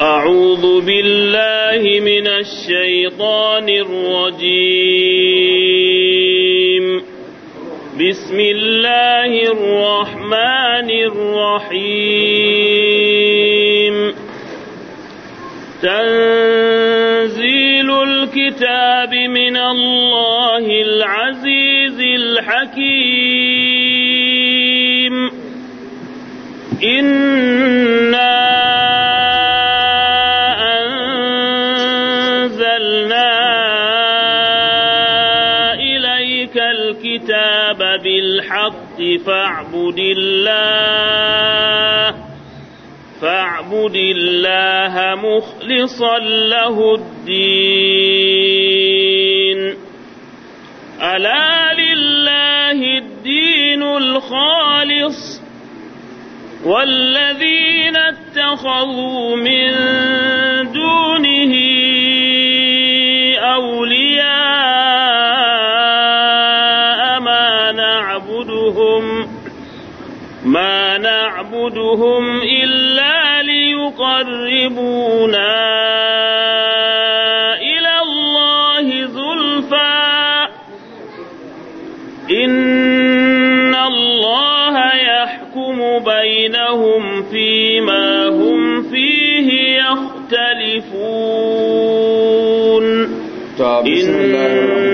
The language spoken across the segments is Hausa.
أعوذ بالله من الشيطان الرجيم بسم الله الرحمن الرحيم تنزيل الكتاب من الله العزيز الحكيم إِنَّا فاعبد الله فاعبد الله مخلصا له الدين ألا لله الدين الخالص والذين اتخذوا من دونه نعبدهم إلا ليقربونا إلى الله زلفى إن الله يحكم بينهم فيما هم فيه يختلفون طيب، بسم الله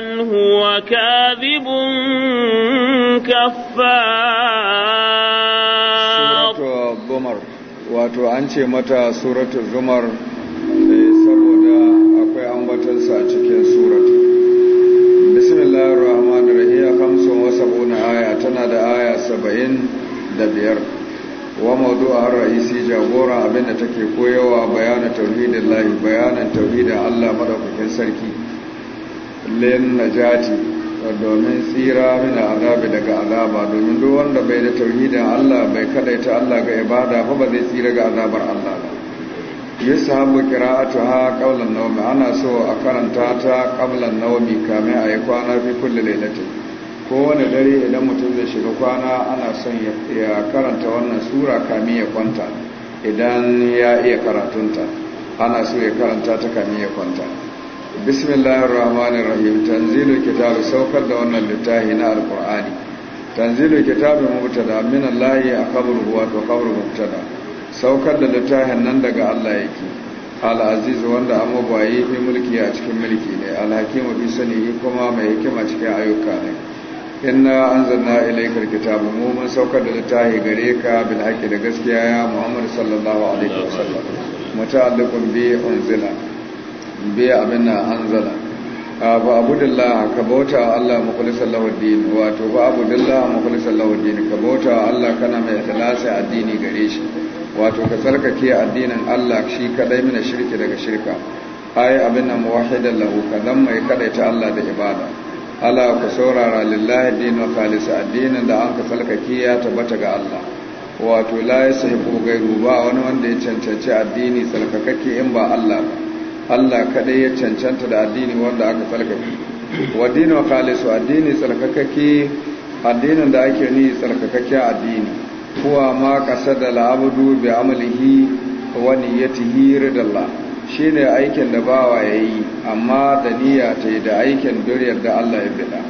من هو كاذب كفار سورة الزمر واتو أنشي متى سورة الزمر akwai ambatansa a cikin surat bismillahir rahmanir rahim khamsun wa sab'una aya tana da aya saba'in da biyar wa har ra'isi jagoran abinda take koyawa bayanin tauhidin lahi bayanin tauhidin Allah madaukakin sarki lin najati wa domin tsira min azabi daga azaba domin duk wanda bai da tauhidin Allah bai kadaita Allah ga ibada ba ba zai tsira ga azabar Allah ba yusahabu qira'atuha qawla an ana so a karanta ta qabla nawmi kamar ayi kwana fi kulli lailatin wani dare idan mutum zai shiga kwana ana son ya karanta wannan sura kamin ya kwanta idan ya iya karatunta ana so ya karanta ta kamin ya kwanta bismillahir rahmanir rahim tanzilul kitabi saukar da wannan littafi na alqur'ani tanzilul kitabi mubtada min allahi akbaru wa akbaru mubtada saukar da littafin nan daga Allah yake al-aziz wanda amma baye fi mulki a cikin mulki ne al-hakimu fi sanihi kuma mai hikima cikin ayyuka ne inna anzalna ilaykal kitaba mu mun saukar da littafi Gareka, ka da gaskiya ya muhammad sallallahu alaihi wasallam muta'alliqun bi unzila be abin na anzala ba abudullah ka bauta Allah mukhlisal lahuddin wato ba abudullah mukhlisal lahuddin ka bauta Allah kana mai ikhlasi addini gare shi wato ka tsarkake addinin Allah shi kadai mina shirki daga shirka ai abin nan muwahidan lahu ka dan mai kadaita Allah da ibada Allah ku saurara lillahi dinul khalis addinin da an ka tsarkake ya tabbata ga Allah wato la yasahibu gairu ba wani wanda ya cancanci addini tsarkakake in ba Allah ba Allah kadai ya cancanta da addini wanda aka tsarkake wa khalisu addini tsarkakake addinin da ake ni tsarkakake addini kuwa ma qasada da la'abudu bi amalihi wa niyyatihi Shi shine aikin da bawa yayi amma da niyya ta da aikin duriyar da Allah ya bida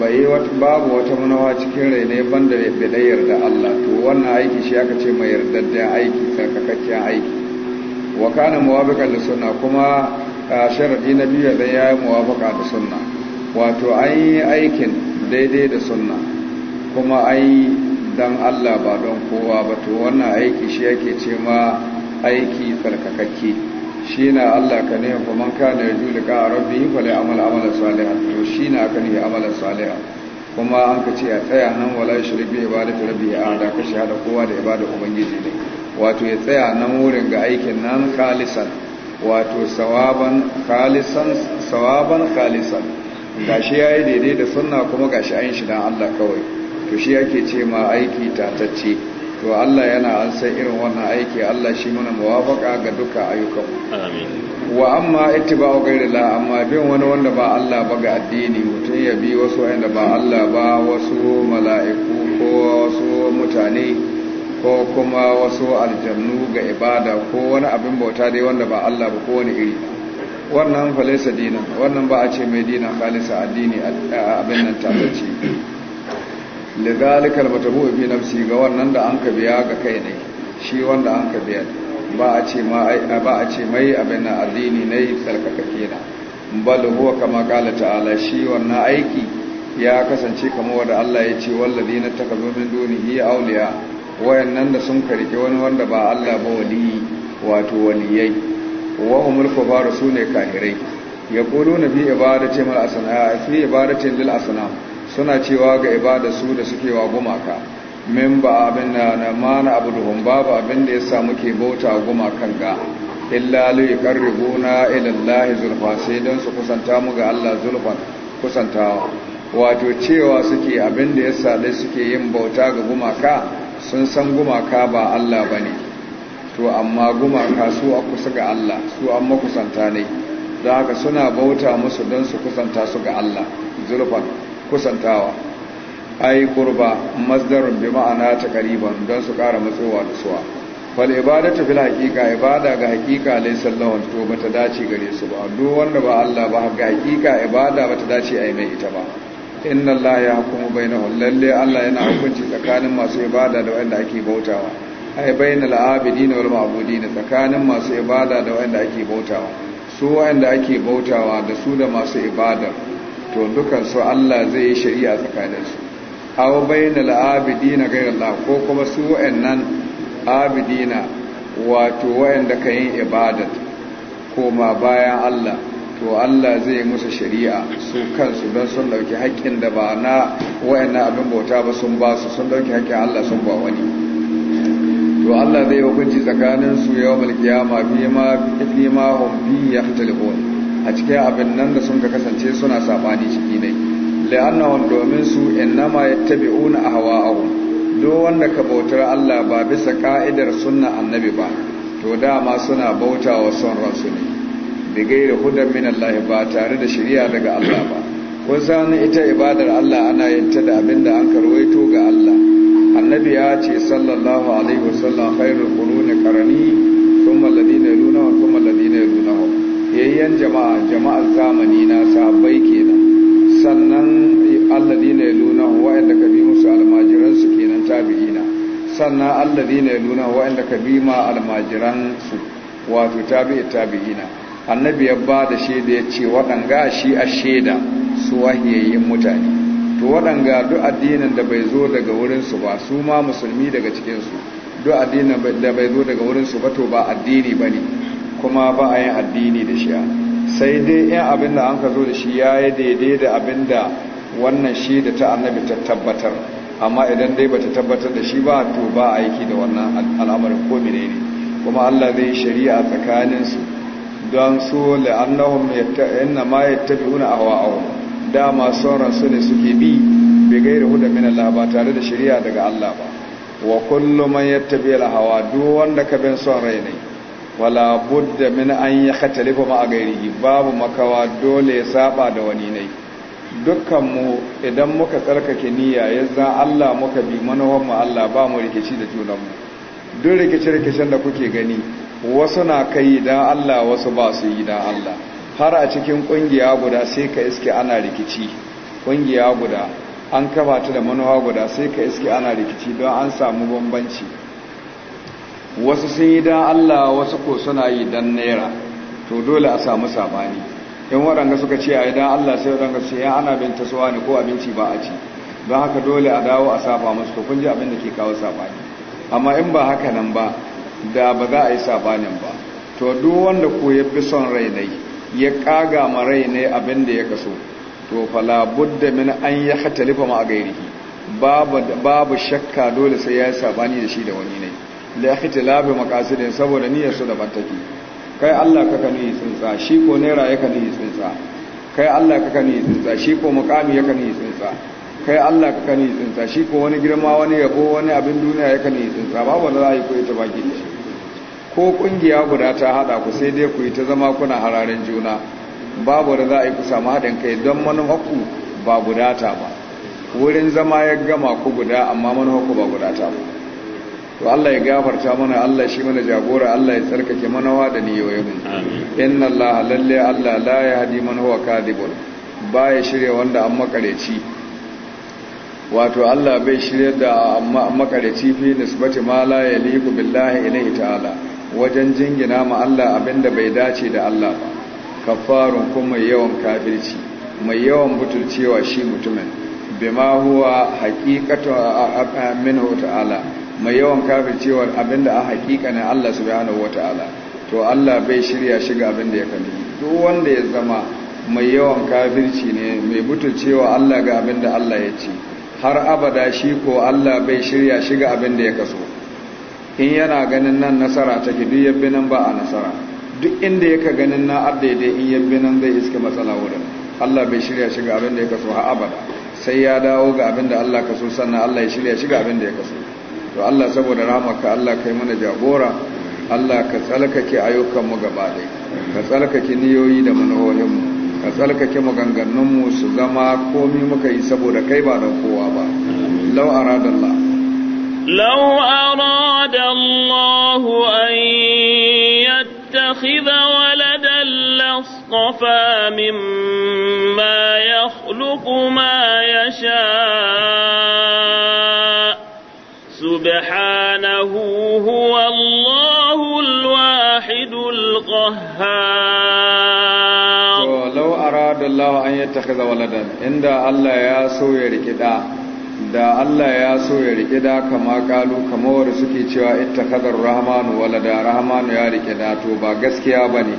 bai wata babu wata munawa cikin rai ne banda ya bida yarda Allah to wannan aiki shi aka ce mai yardaddan aiki tsarkakakken aiki wa kana muwafiqan da sunna kuma sharadi na biyu da ya muwafaqa da sunna wato an aikin daidai da sunna kuma an dan Allah ba don kowa ba to wannan aiki shi yake ce ma aiki tsarkakakke shi na Allah ka ne kuma kana yaju liqa rabbihi la amal Amala salih to shi na ka ne amalan salih kuma an ka ce a tsaya nan wala shirbi ibadatu rabbi a da ka shahada kowa da ibada ubangiji ne wato ya tsaya nan wurin ga aikin nan khalisan wato sawaban khalisan sawaban khalisan gashi yayi daidai da sunna kuma gashi ayin shi dan Allah kawai to shi yake ce ma aiki tatacce to Allah yana an san irin wannan aiki Allah shi mana muwafaka ga duka ayyukan amin wa amma ittiba'u ghairillah amma bin wani wanda ba Allah ba ga addini mutum ya bi wasu wanda ba Allah ba wasu mala'iku ko wasu mutane ko kuma wasu aljannu ga ibada ko wani abin bauta dai wanda ba Allah ba ko wani iri wannan falisa dinan wannan ba a ce mai dinan khalisa addini abin nan tabbaci lidhalika almatabu fi nafsi ga wannan da an ka biya ga kai ne shi wanda an ka biya ba a ce ma ba a ce mai abin nan addini ne sarkaka kenan bal huwa kama qala ta'ala shi wannan aiki ya kasance kamar wanda Allah ya ce wallazina takabbu min dunihi awliya wayannan da sun karki wani wanda ba Allah ba wali wato waliyai wa ne kahirai ya kafirai na bi ibadati mal asnam fi ibadati lil asana suna cewa ga ibada su da suke wa gumaka min ba abin da na mana hun babu abin da yasa muke bauta gumakan ga illa li yuqarribuna ila allahi zulfa sai dan su kusanta mu ga Allah zulfa kusantawa wato cewa suke abin da yasa dai suke yin bauta ga gumaka sun san gumaka ba Allah ba ne to amma gumaka su a kusa ga Allah su an makusanta ne Da haka suna bauta musu don su kusanta su ga Allah zurfan kusantawa ai kurba mazdarin bi ma'ana ta kariban don su ƙara matsowa da suwa fal ibadatu fil haqiqa ibada ga haqiqa laysa lahun to bata dace gare su ba duk wanda ba Allah ba ga haqiqa ibada bata dace a yi mai ita ba inna Allah ya hukumu bainahum lalle Allah yana hukunci tsakanin masu ibada da wanda ake bautawa ai bainal abidin wal ma'budin tsakanin masu ibada da wanda ake bautawa su wanda ake bautawa da su da masu ibada to dukan su Allah zai yi shari'a tsakanin su aw bainal abidin ghayr Allah ko kuma su wayannan abidina wato wayanda kan yin ko koma bayan Allah to Allah zai musu shari'a su kansu don sun dauki haƙƙin da ba na wayannan abin bauta ba sun ba su sun dauki haƙƙin Allah sun ba wani to Allah zai hukunci tsakanin su yawmal qiyama fi ma fi ma hum fi yahtalifun a cikin abin nan da sun ka kasance suna sabani ciki ne la'annahum domin su innama yattabi'una ahwa'ahum do wanda ka bautar Allah ba bisa ka'idar sunna annabi ba to dama suna bautawa son ransu ne da gaira hudan min Allah ba tare da shari'a daga Allah ba kun san ita ibadar Allah ana yin ta da abin da an karwaito ga Allah annabi ya ce sallallahu alaihi wasallam khairul quruni qarani thumma alladhina yalunahum thumma alladhina yalunahum yayyan jama'a jama'a zamani na sahabbai kenan sannan alladhina yalunahum wa'anda kabi musu almajiran su kenan tabi'ina sannan alladhina yalunahum wa'anda kabi ma almajiran su wato tabi'i tabi'ina annabi ya ba da shaida ya ce waɗanga shi a shaida su wahiyayyin mutane to waɗanga duk addinin da bai zo daga wurinsu ba su ma musulmi daga cikinsu duk addinin da bai zo daga wurinsu ba to ba addini ba ne kuma ba a yin addini da shi sai dai yan abin da an ka zo da shi ya yi daidai da abin da wannan shaida da ta annabi ta tabbatar amma idan dai bata tabbatar da shi ba to ba aiki da wannan al'amarin ko menene kuma Allah zai shari'a tsakaninsu don su la'annahum inna ma yattabi'una ahwa'ahum dama sauran su ne suke bi bi gairi huda min Allah ba tare da shari'a daga Allah ba wa kullu man yattabi al-hawa duk wanda ka bin son rai ne wala budda min an yakhtalifa ma gairihi babu makawa dole ya saba da wani ne dukkan mu idan muka tsarkake niyya yanzu Allah muka bi manawar mu Allah ba mu rikici da junan mu duk rikice rikicin da kuke gani wasu na kai don Allah wasu ba su yi don Allah har a cikin ƙungiya guda sai ka iske ana rikici ƙungiya guda an kafa ta da manuwa guda sai ka iske ana rikici don an samu bambanci wasu sun yi don Allah wasu ko suna yi don naira to dole a samu sabani in waɗanda suka ce a yi don Allah sai waɗanda su yi ana bin tasowa ne ko abinci ba a ci don haka dole a dawo a safa musu to kun ji abin da ke kawo sabani amma in ba haka nan ba da ba za a yi sabanin ba to duk wanda ko ya fi son rai ya kaga ma rai ne abin da ya kaso to fala budda min an ya hatalifa ma gairihi babu babu shakka dole sai ya yi sabani da shi da wani ne la ikhtilafi maqasidin saboda niyyar su da bantaki kai Allah ka kani tsinsa shi ko naira ya kani tsinsa kai Allah ka kani tsinsa shi ko muqami ya kani tsinsa kai Allah ka kani tsinsa shi ko wani girma wani yabo wani abin duniya ya kani tsinsa babu wanda za a yi koyi ta baki da shi ko kungiya guda ta hada ku sai dai ku yi ta zama kuna hararen juna babu da za a yi ku samu haɗin kai don manufarku ba guda ta ba wurin zama ya gama ku guda amma manufarku ba guda ta ba to Allah ya gafarta mana Allah shi mana jagora Allah ya tsarkake manawa da niyoyin inna Allah lalle Allah la yahdi man huwa kadibun baya shirye wanda an makareci wato Allah bai shirya da makarici fi nisbati ma la yaliqu billahi ilayhi ta'ala wajen jingina ma Allah abinda bai dace da Allah ba kafarun kuma yawan kafirci mai yawan butulcewa shi mutumin bima huwa haqiqatu minhu ta'ala mai yawan kafircewa abinda a ne Allah subhanahu wata'ala to Allah bai shirya shiga abinda ya kalli duk wanda ya zama mai yawan kafirci ne mai butulcewa Allah ga abinda Allah ya ce har abada shi ko Allah bai shirya shiga abin da ya kaso in yana ganin nan nasara ke, duk yabbi nan ba a nasara duk inda yaka ganin na dai, in yabbi nan zai iske matsala wurin Allah bai shirya shiga abin da ya kaso har abada sai ya dawo ga abin da Allah kaso sannan Allah ya shirya shiga abin da ya kaso to Allah saboda rahmaka Allah kai mana jagora Allah ka tsalkake ayyukanmu gaba ɗaya ka tsalkake niyoyi da mu ka tsarkake maganganunmu su zama komi muka yi saboda kai ba da kowa ba lau aradallah lau aradallahu an yattakhidha waladan lastafa mimma yakhluqu ma yasha سبحانه هو الله الواحد القهار ولو أراد الله أن يتخذ ولدا عند الله يا سوي ركدا da Allah ya so ya rike da kama kalu kama suke cewa ittakhadar rahmanu walada rahmanu ya rike da to ba gaskiya bane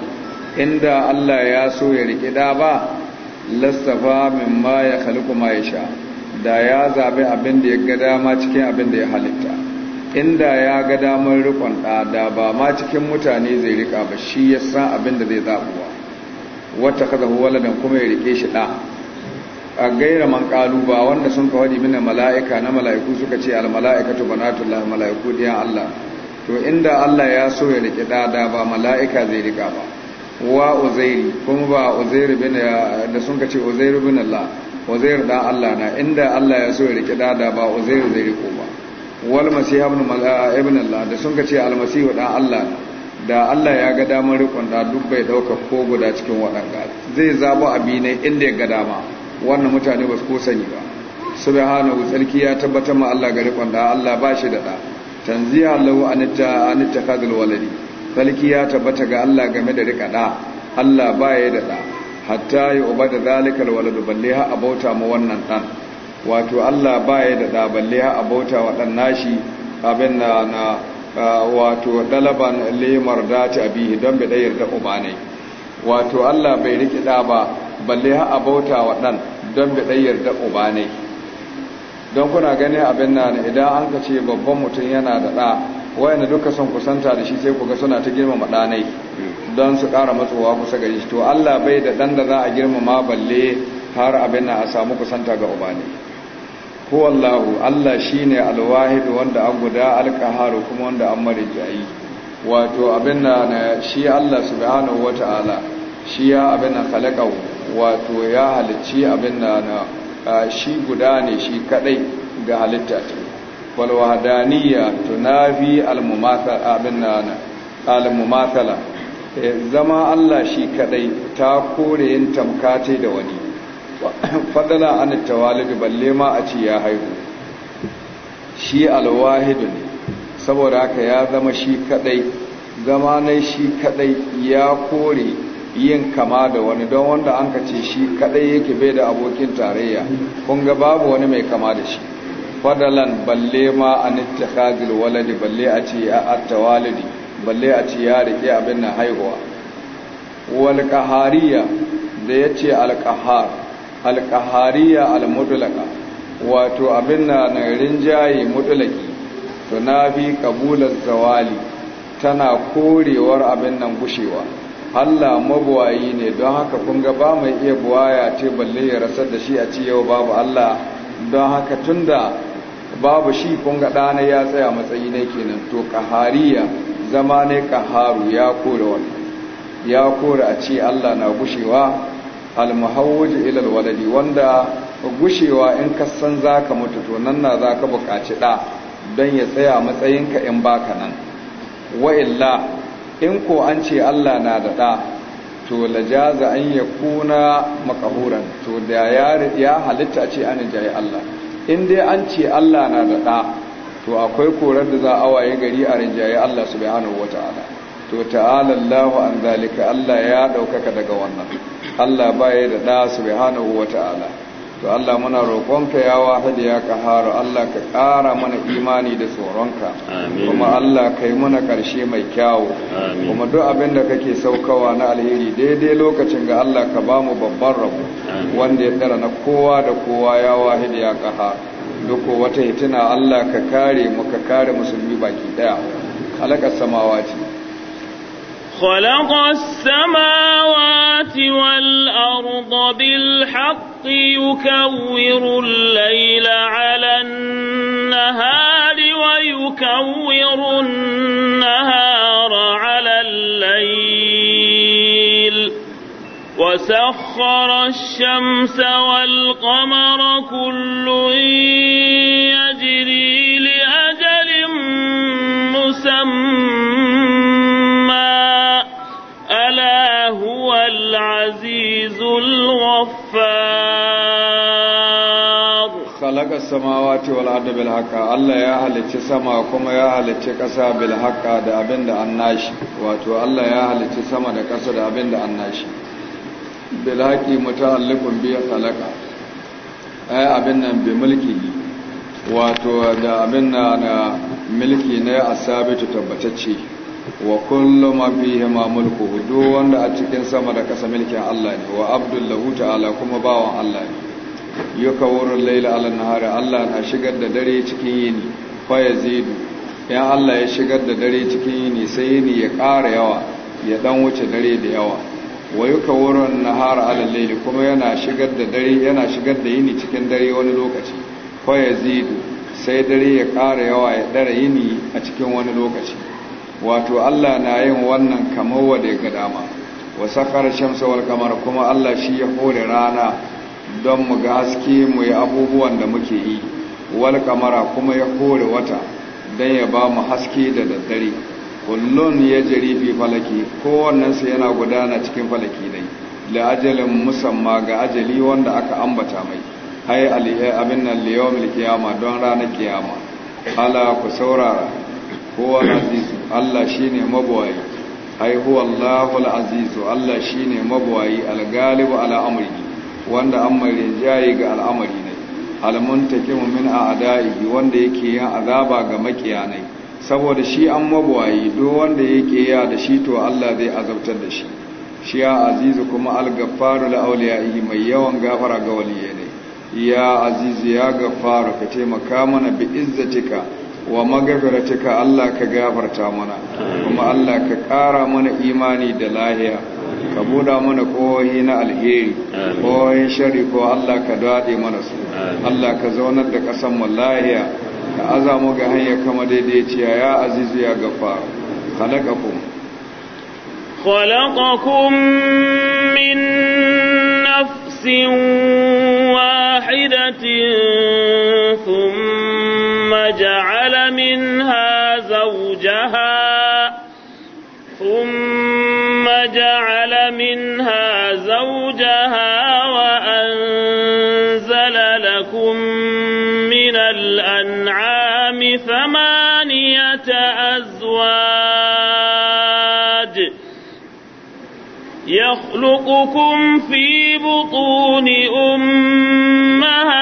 inda Allah ya so ya rike da ba lastafa mimma ya khaliqu ma yasha da ya zaɓi abin da ya ga dama cikin abin da ya halitta inda ya ga damar rikon ɗa da ba ma cikin mutane zai rika ba shi ya san abin da zai zaɓuwa wata kaza waladan kuma ya rike shi ɗa a gaira man ƙalu ba wanda sun kawadi mina mala'ika na mala'iku suka ce al-mala'ika almala'ikatu banatullah mala'iku diyan Allah to inda Allah ya so ya rike ɗa da ba mala'ika zai rika ba wa uzairi kuma ba uzairi bin da sun ka ce uzairi bin Allah uzair dan Allah na inda Allah ya so ya rike dada ba uzair zai riko ba wal masih ibn mal'a ibn Allah da sun kace al masih dan Allah da Allah ya ga damar rikon da duk bai dauka ko guda cikin waɗanda zai zabo abi ne inda ya ga dama wannan mutane ba su ko sani ba subhanahu Sarki ya tabbatar ma Allah ga rikon da Allah ba shi da da tanziya lahu anitta anitta kadul waladi Sarki ya tabbata ga Allah game da rika da Allah ba ya da da hatta yi uba da zalikar waladu balle ha abauta ma wannan dan wato allah baya da da balle ha abauta wa dan nashi abin na na wato dalaban lemar dati abihi don bai ɗayar da uba ne wato allah bai riƙi ɗa ba balle ha abauta wa dan don bai ɗayar da uba ne don kuna gani abin na idan an ka ce babban mutum yana da ɗa wayanda duka son kusanta da shi sai ku ga suna ta girmama ɗanai don su ƙara matsowa kusa gari shi to Allah bai da ɗan da za a girmama balle har abin nan a samu kusanta ga ubani Ko wallahu Allah shi ne alwahid wanda an guda alƙaharu kuma wanda an marijayi wato abin na shi Allah subhanahu wa ta'ala shi ya abin nan khalaqahu wato ya halicci abin na shi guda ne shi kadai ga halitta wal wahdaniyya tunafi al mumathala zama Allah shi kadai ta kore yin tamkace da wani fadala an tawalidu balle ma a ce ya haihu shi alwahidu ne saboda haka ya zama shi kadai zama ne shi kadai ya kore yin kama da wani don wanda an ka ce shi kadai yake bai da abokin tarayya kun ga babu wani mai kama da shi fadalan balle ma an ittikhadil waladi balle a ce a waladi, balle a ce ya rike abin nan haihuwa wal qahariya da yace al qahar al qahariya al mudlaqa wato abin nan rinjaye mudlaki, to nafi kabulan zawali tana korewar abin nan gushewa Allah mabuwayi ne don haka kun ga ba mai iya buwaya ce balle ya rasar da shi a ciye yau babu Allah don haka tunda babu shi kun ga na ya tsaya matsayi ne kenan to kahariya zama ne kaharu ya kore wannan ya kore a ce Allah na gushewa almuhawwaj ila alwaladi wanda gushewa in ka san zaka mutu to nan na zaka buƙaci da don ya tsaya matsayin ka in baka nan wa illa in ko an ce Allah na da da to lajaza an yakuna makahuran to da ya halitta ce an jaye Allah in dai an ce Allah na da ɗa to akwai korar da za a waye gari a rinjaye Allah subhanahu wata'ala to ta'ala Allah an zalika Allah ya ɗaukaka daga wannan Allah baya da ɗa subhanahu to Allah muna roƙonka ya wahada ya ƙaharu Allah ka ƙara mana imani da tsoronka kuma Allah ka yi mana ƙarshe mai kyawu kuma duk abin da kake saukawa na alheri daidai lokacin ga Allah ka ba mu babban rabu wanda ya tsara na kowa da kowa ya wahada ya ƙaharu duk wata hitina Allah ka kare mu ka kare musulmi baki ɗaya. halakar samawa ce خلق السماوات والأرض بالحق يكور الليل على النهار ويكور النهار على الليل وسخر الشمس والقمر كل يجري لأجل مسمى العزيز الغفار خلق السماوات والأرض بالحق الله يا هلتش سما كما يا هلتش كسا بالحق دا أبن دا الناش واتو الله يا هلتش سما دا كسا دا أبن دا الناش بالحق متعلق بي خلق أي أبن بملكه واتو دا أبن دا ملكي نيا أسابت تبتتشي wa kullu ma fihi ma mulku do wanda a cikin sama da kasa milkin Allah ne wa abdullahu ta'ala kuma bawan Allah ne yukawurul layla ala nahari Allah na shigar da dare cikin yini fa yazidu yan Allah ya shigar da dare cikin yini sai yini ya ƙara yawa ya dan wuce dare da yawa wa yukawurul nahara ala layli kuma yana shigar da dare yana shigar da yini cikin dare wani lokaci fa yazidu sai dare ya ƙara yawa ya dare yini a cikin wani lokaci wato Allah na yin wannan kamar wadai ga dama wa sakar shamsa wal kuma Allah shi ya hore rana don mu ga haske mu yi abubuwan da muke yi wal kuma ya hore wata don ya ba mu haske da daddare kullum ya jarifi falaki kowannensu yana gudana cikin falaki dai la ajalin musamma ga ajali wanda aka ambata mai hay alihai eh, abin nan liyawar kiyama don ranar kiyama ala ku saurara kowa azizu Allah shine mabuwayi. ai huwa Allahul Allah shine ne al-galibu ala wanda wanda mai jayi ga al'amari ne al-muntakimu a a'da'i wanda yake yin azaba ga makiyanai saboda shi an mabuwayi duk wanda yake ya da shi to Allah zai azabtar da shi shi ya azizu kuma al-gaffaru mai yawan gafara ga waliyai ya azizu ya gaffaru ka taimaka mana bi izzatika wa magafiratika Allah ka gafarta mana kuma Allah ka ƙara mana imani da lahiya ka buɗa mana kowai na alheri kowai shari ko Allah ka daɗe mana su Allah ka zaunar da ƙasan mu lahiya ka aza mu ga hanya kama daidaiciya ya azizu ya gafa khalaqakum khalaqakum min nafsin wahidatin thumma وجعل منها زوجها ثم جعل منها زوجها وأنزل لكم من الأنعام ثمانية أزواج يخلقكم في بطون أمها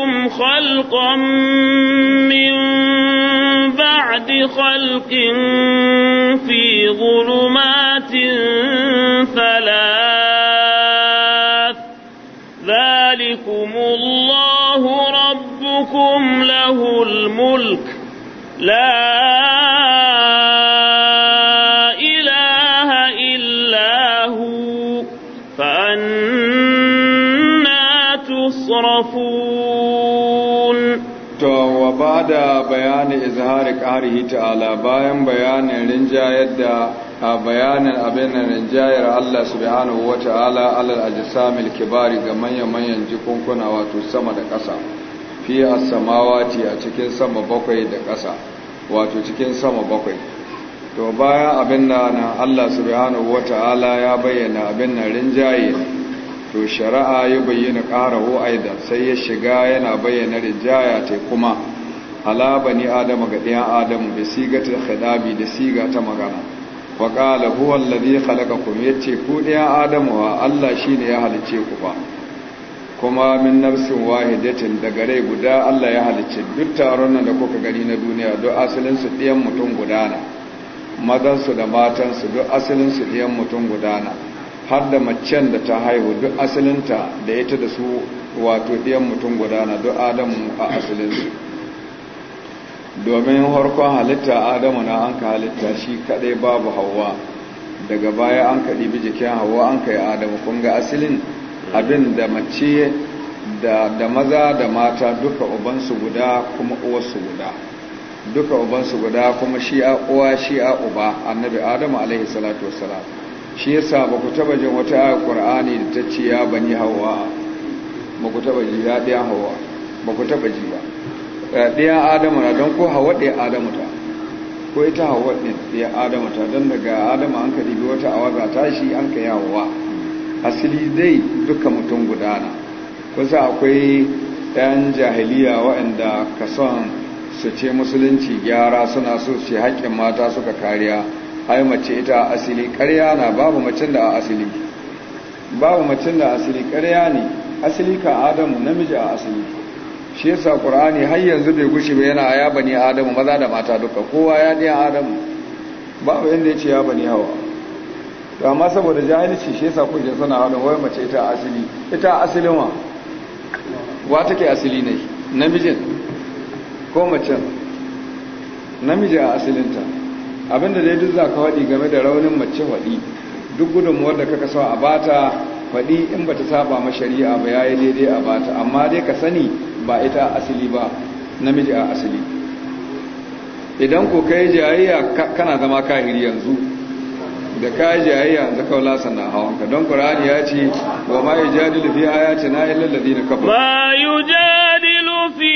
لكم خلقا من بعد خلق في ظلمات ثلاث ذلكم الله ربكم له الملك لا إله إلا هو فأنا تصرفون ba da bayanin izhari ƙarihi ta'ala bayan bayanin rinjayar da a bayanin abin rinjayar Allah subhanahu wa ta'ala alal ajisamil kibari ga manyan-manyan jikunkuna wato sama da ƙasa fiye a samawati a cikin sama bakwai da ƙasa wato cikin sama bakwai to bayan abin da Allah subhanahu wa ta'ala ya bayyana abin na rinjaye to shari'a ya bayyana ƙaraho aidan sai ya shiga yana bayyana rinjaya ta kuma ala bani adama ga ɗayan adamu da ta khidabi da siga ta magana wa qala huwa alladhi khalaqakum yace ku ɗayan adamu wa Allah shine ya halice ku ba kuma min nafsin wahidatin daga rai guda Allah ya halicce duk taron nan da kuka gani na duniya duk asalin su mutum gudana mazan su da matansu su duk asalin su mutum gudana har da macen da ta haihu duk asalinta da ita da su wato ɗiyan mutum gudana duk adamu a asalin domin harkon halitta adamu na an ka halitta shi kadai babu hawa daga baya an ka ɗibi jikin hawa an ka yi adamu kun ga asilin abin da mace da maza da mata duka ubansu guda kuma uwarsu guda duka ubansu guda kuma shi a uwa shi a uba annabi adamu alaihi salatu wasalam shi yasa ba ku taba jin wata ayar qur'ani da ta ce ya bani hawa ba ku taba ji ya hawa ba ku taba ji ba ɗaya Adama na don ko hawa ɗaya adamu ta ko ita hawa ɗaya adamu ta don daga Adama an ka ribi wata ta tashi an ka yawowa asali zai duka mutum gudana kusa akwai ɗan jahiliya waɗanda ka son su ce musulunci gyara suna so su haƙƙin mata suka kariya ai mace ita asali ƙarya na babu macin da a asali babu macin da asali ƙarya ne asali ka adamu namiji a asali shi yasa qur'ani har yanzu bai gushi ba yana ya bani adamu maza da mata duka kowa ya ɗaya adamu ba inda ya ce ya bani hawa to amma saboda jahilci shi yasa kuke sana wani wai mace ita asili ita asilin wa wa take asili ne namijin ko macen namiji a asilinta abinda dai duk za ka faɗi game da raunin mace faɗi duk gudunmuwar da kaka so a bata faɗi in ba ta saba ma shari'a ba ya yi daidai a bata amma dai ka sani ba ita asali ba namiji a asali idan ko kai jayayya kana zama kahiri yanzu da ka jayayya yanzu kawai lasan na ka. don ƙur'ani ya ce wa ma yi jadilu fi ayati na illal ladina kafaru ma jadilu fi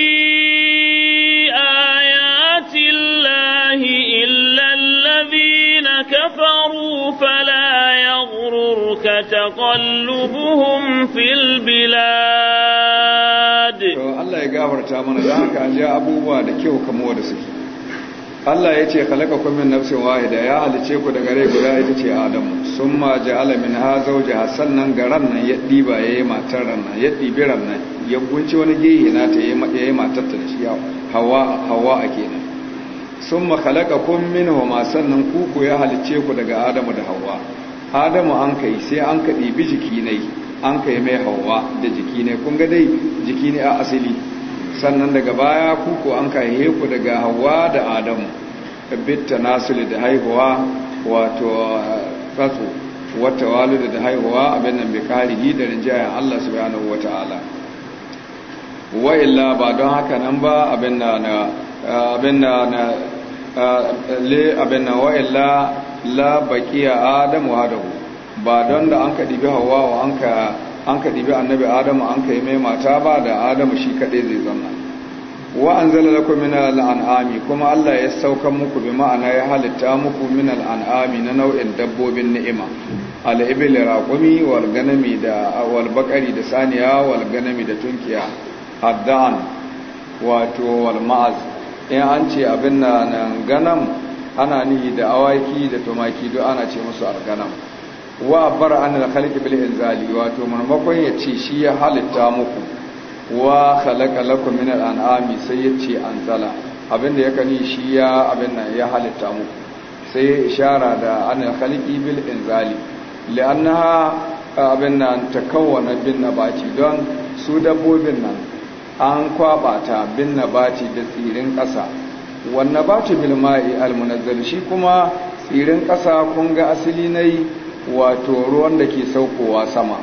ayati llahi illal ladina kafaru fala yaghurruka taqallubuhum buhun filbila. gafarta mana za ka an abubuwa da kyau kamuwa da su Allah ya ce halaka kumin nafsin wahida ya halice ku daga rai guda ita ce Adamu sun ma ji alamin ha zauje hassan nan ga nan ya ɗiba ya yi matar rannan ya ɗibi nan ya gunci wani gehe na ta ya yi matar ta da shi hawa a kenan sun ma halaka wa homa sannan kuku ya halice ku daga Adamu da hawa Adamu an kai sai an ka ɗibi jiki ne an kai mai hawa da jiki ne kun ga dai jiki ne a asali sannan daga baya kuku an kaihe ku daga hawa da adamu bitta nasili da haihuwa wato fasu wata walida da haihuwa abin nan bikarihi da rinjayen Allah subhanahu wa ta'ala wa illa ba don haka nan ba abin da na abin da na le abin na wa illa la baqiya adamu hadahu ba don da an ka dibi hawa wa an ka an ka ɗibi annabi adamu an ka yi mai mata ba da adamu shi kaɗai zai zama wa an zala lakum min al'an'ami kuma Allah ya sauka muku bi ma'ana ya halitta muku min al'an'ami na nau'in dabbobin ni'ima al'ibil raƙumi wal ganami da wal bakari da saniya wal ganami da tunkiya haddan wato wal ma'az in an ce abin nan ganam ana nihi da awaki da tumaki duk ana ce musu alganam wa bara an al-khaliq bil inzali wato maimakon ya ce shi ya halitta muku wa khalaqa lakum min al-an'ami sai ya ce anzala abinda ya kani shi ya abin nan ya halitta muku sai ya ishara da an al-khaliq bil inzali li'annaha abin nan takawwana bin nabati don su dabbobin nan an kwaba ta bin nabati da tsirin ƙasa wannan nabati bil ma'i al-munazzal shi kuma tsirin ƙasa kun ga asali nayi wato ruwan da ke saukowa sama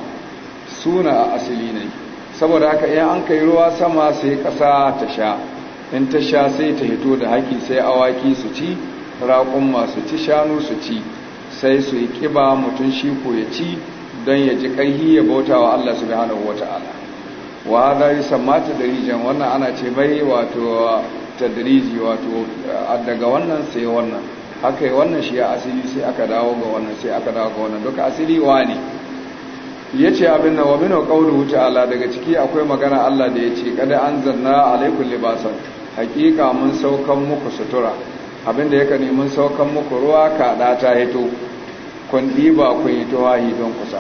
suna a asali ne saboda haka in an kai ruwa sama sai ƙasa ta sha in ta sha sai ta hito da haƙi sai awaki su ci raƙon masu ci shanu su ci sai su yi ƙiba mutum shi ko ya ci don ya ji ƙaihi ya bauta wa Allah subhanahu wa ta'ala wa za yi sammata darijan wannan ana ce mai wato ta tadriji wato daga wannan sai wannan aka yi wannan shi ya asiri sai aka dawo ga wannan sai aka dawo ga wannan duka asiri wa ne ya ce abin na wamina wuce ala daga ciki akwai magana Allah da ya ce kada an zanna alaikun libasan hakika mun saukan muku sutura abin da yaka ne mun saukan muku ruwa kaɗa ta hito kun ɗiba kun yi tuwa don kusa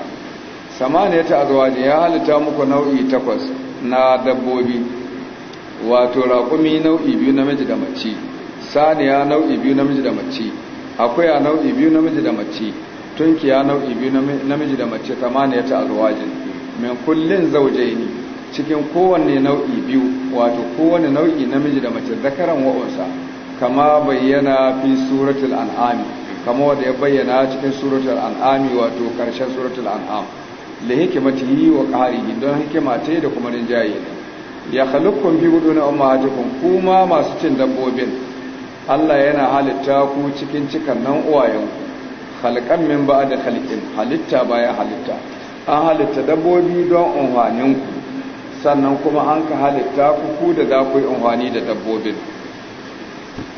samaniya ta azwaji ya halitta muku nau'i takwas na dabbobi wato raƙumi nau'i biyu namiji da mace saniya nau'i biyu namiji da mace akwai a nau'i biyu namiji da mace tunkiya nau'i biyu namiji da mace tamaniya ta alwajin min kullin zaujaini cikin kowanne nau'i biyu wato kowanne nau'i namiji da mace zakaran wa'unsa kama bayyana fi suratul an'ami kama wanda ya bayyana cikin suratul an'ami wato karshen suratul an'am da hikmati wa qarihi don hikima ta da kuma rinjaye ya khalaqukum bi wudun ummatikum kuma masu cin dabbobin Allah yana halitta ku cikin cikan nan uwayenku halkan min ba da halkin halitta bayan halitta an halitta dabbobi don unhaninku sannan kuma an ka halitta ku ku da za ku yi unhani da dabbobin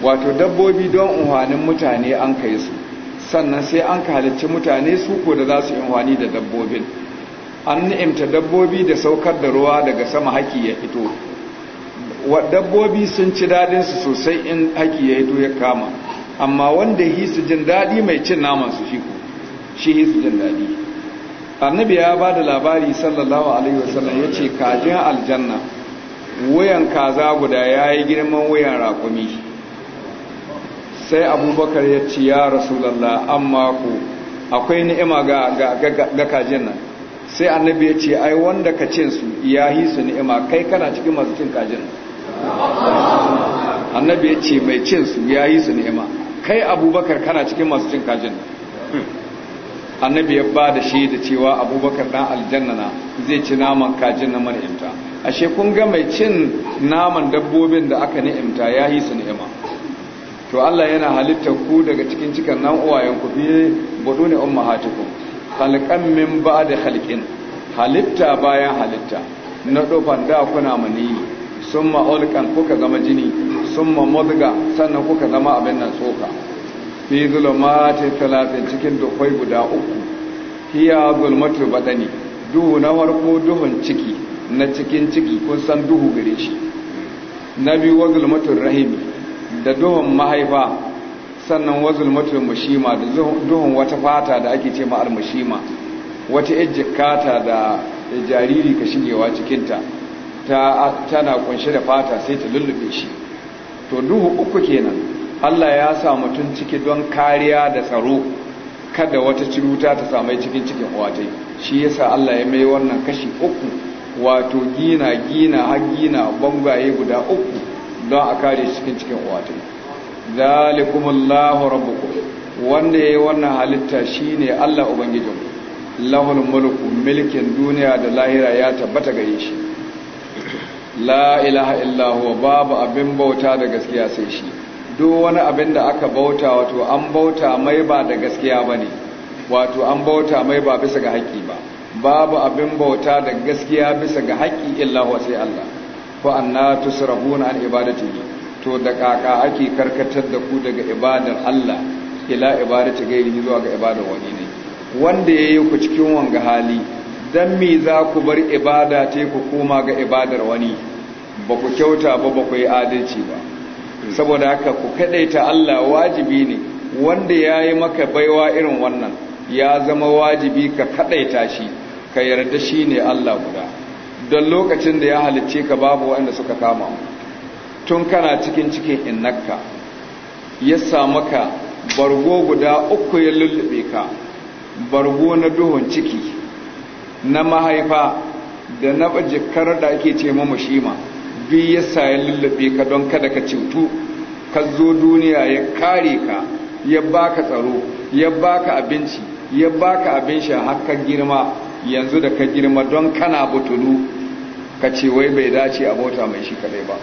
wato dabbobi don unhanin mutane an ka yi su sannan sai an ka halicci mutane su ko da za su yi unhani da dabbobin an ni'imta dabbobi da saukar da ruwa daga sama haki ya fito dabbobi sun ci dadinsu sosai in haki ya hito ya kama amma wanda yi su jin daɗi mai cin naman su shi ku shi yi su jin daɗi annabi ya ba da labari sallallahu alaihi wasallam ya ce kajin aljanna wuyan kaza guda ya yi girman wuyan rakumi, sai abubakar ya ce ya rasulallah amma ku akwai ni'ima ga kajin nan sai annabi ya ce ai wanda ka cin su ya yi su ni'ima kai kana cikin masu cin kajin nan annabi ya ce mai cin su ya yi su nema kai abubakar kana cikin masu cin kajin annabi ya ba da shi da cewa abubakar na aljanna na zai ci naman kajin na ni'imta ashe kun ga mai cin naman dabbobin da aka ni'imta ya yi su ni'ima to Allah yana halittar ku daga cikin cikan nan uwayen ku fiye budu ne ummahatukum khalqan min ba da khalqin halitta bayan halitta na dofan da kuna maniyi summa ulqan kuka zama jini summa mudga sannan kuka zama abin nan tsoka fi zulumati talatin cikin dukwai guda uku hiya zulmatul badani duhu na farko duhun ciki na cikin ciki kun san duhu gare shi na biyu wa zulmatul rahimi da duhun mahaifa sannan wa zulmatul mushima da duhun wata fata da ake ce ma al mushima wata ejjikata da jariri ka shigewa cikinta ta tana kunshe da fata sai ta lullube shi to duhu uku kenan Allah ya sa mutun ciki don kariya da tsaro kada wata ciruta ta samai cikin cikin uwatai, shi yasa Allah ya mai wannan kashi uku wato gina gina har bangaye guda uku don a kare cikin cikin watai zalikumullahu rabbukum wanda yayi wannan halitta shine Allah ubangijinku lahul mulku mulkin duniya da lahira ya tabbata gare shi la ilaha illahu babu abin bauta da gaskiya sai shi duk wani abin da aka bauta wato an bauta mai ba da gaskiya ba ne wato an bauta mai ba bisa ga haƙƙi ba babu abin bauta da gaskiya bisa ga haƙƙi illahu sai Allah fa anna tusrafuna an ibadati to da kaka ake karkatar da ku daga ibadar Allah ila ibadati gairi zuwa ga ibadar wani ne wanda yayi ku cikin wanga hali dan me za ku bar ibada te ku koma ga ibadar wani ba ku kyauta ba ba ku yi adalci ba saboda haka ku kadaita Allah wajibi ne wanda ya yi maka baiwa irin wannan ya zama wajibi ka kadaita shi ka yarda shi ne Allah guda don lokacin da ya halicce ka babu wanda suka kama tun kana cikin cikin innaka ya sa maka bargo guda uku ya lullube ka bargo na duhun ciki na mahaifa da na bajikar da ake ce ma biyu yasa ya sayi lullube ka don kada ka cutu ka zo duniya ya kare ka ya baka tsaro ya baka abinci ya baka abin sha hakan girma yanzu da ka girma don kana butulu ka ce wai bai dace a bauta mai shi kadai ba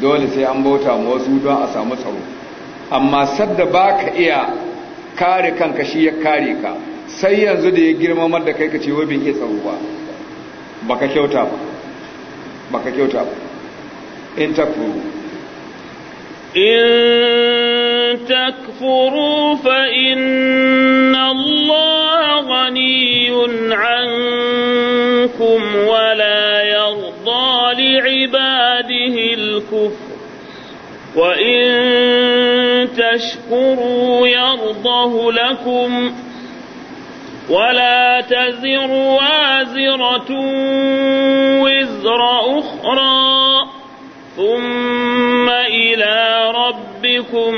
dole sai an bauta ma wasu don a samu tsaro amma sadda ba ka iya kare kanka shi ya kare ka sai yanzu da ya girmama da kai ka ce wabin iya tsawo ba baka kyauta ba baka kyauta ba in takfuru in takfuru fa inna Allah ghaniyun ankum wa la yarda li ibadihi al-kufr in تشكروا يرضه لكم ولا تزر وازرة وزر أخرى ثم إلى ربكم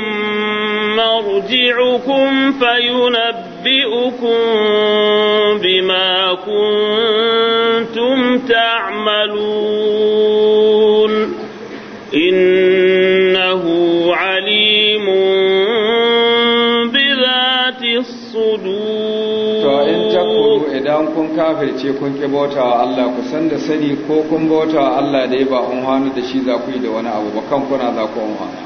مرجعكم فينبئكم بما كنتم تعملون idan kun kafirce kun ƙi bautawa Allah ku san da sani ko kun bautawa Allah da ya ba unhanu da shi za ku yi da wani abu ba kan kuna za ku unhanu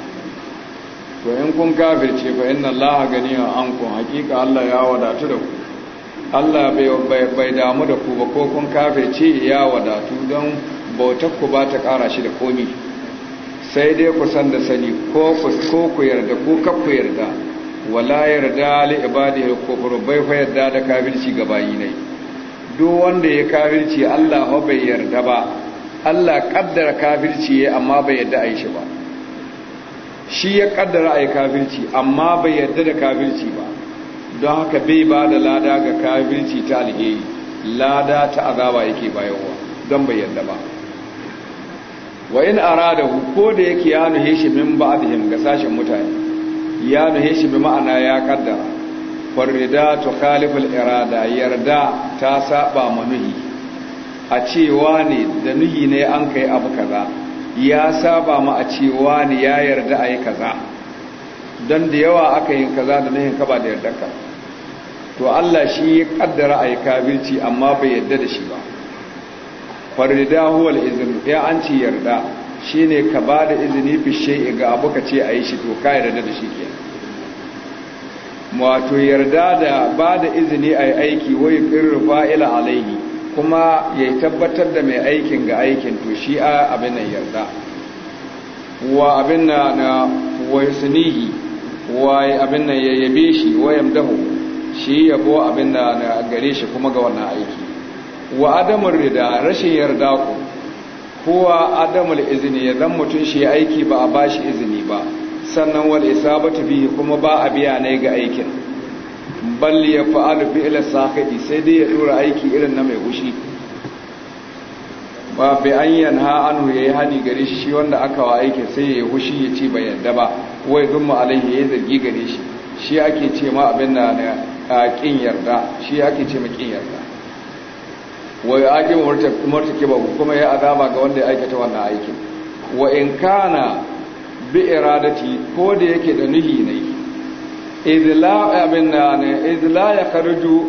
to in kun kafirce ba inna Allah wa an kun hakika Allah ya wadatu da ku Allah bai damu da ku ba ko kun kafirce ya wadatu don bautar ku ba ta ƙara shi da komi sai dai ku san da sani ko ku yarda ko kaf ku yarda wala yarda li ibadihi kufru bai fa yarda da kafirci ga bayi ne duk wanda ya kafirci Allah ho bai yarda ba Allah kaddara kafirci yayi amma bai yarda a shi ba shi ya kaddara a yi kafirci amma bai yarda da kafirci ba don haka bai ba da lada ga kafirci ta alheri lada ta azaba yake bayarwa don bai yarda ba wa in hu ko da yake ya nuhe shi min ba'dihim ga sashen mutane ya nuhe shi bi ma'ana ya kaddara farida to khaliful irada yarda ta saba manuhi a cewa ne da nuhi ne an kai abu kaza ya saba ma a cewa ne ya yarda a yi kaza don da yawa aka yin kaza da nuhin ka ba da yarda ka to Allah shi ya kaddara a yi amma bai yarda da shi ba farida huwal izin ya an ci yarda shine ka ba da izini fi shay'i ga abu ka ce a yi shi to ka yarda da shi kenan wato yarda da ba da izini a aiki wai firru fa'ila alaihi kuma ya tabbatar da mai aikin ga aikin to shi a abin nan yarda wa abin na na sunihi wa abin nan ya yabe shi wa yamdahu shi yabo abin na na gare shi kuma ga wannan aiki wa adamar rida rashin yarda ku kowa adamun izini ya zan mutum shi aiki ba a ba shi izini ba sannan wani isabatu bi kuma ba a biya ne ga aikin bal ya fa'alu ila sahibi sai dai ya dora aiki irin na mai gushi ba bi an yanha anu yayi hani gare shi shi wanda aka wa aiki sai ya gushi ya ce bai yadda ba wai zumma alaihi ya zargi gare shi shi ake ce ma abin da a kin yarda shi ake ce ma kin yarda wai ake murtaki ba kuma ya azaba ga wanda ya aikata wannan aikin wa in kana bi iradati ko da yake da nuhi ne idla abin na ne idla ya karju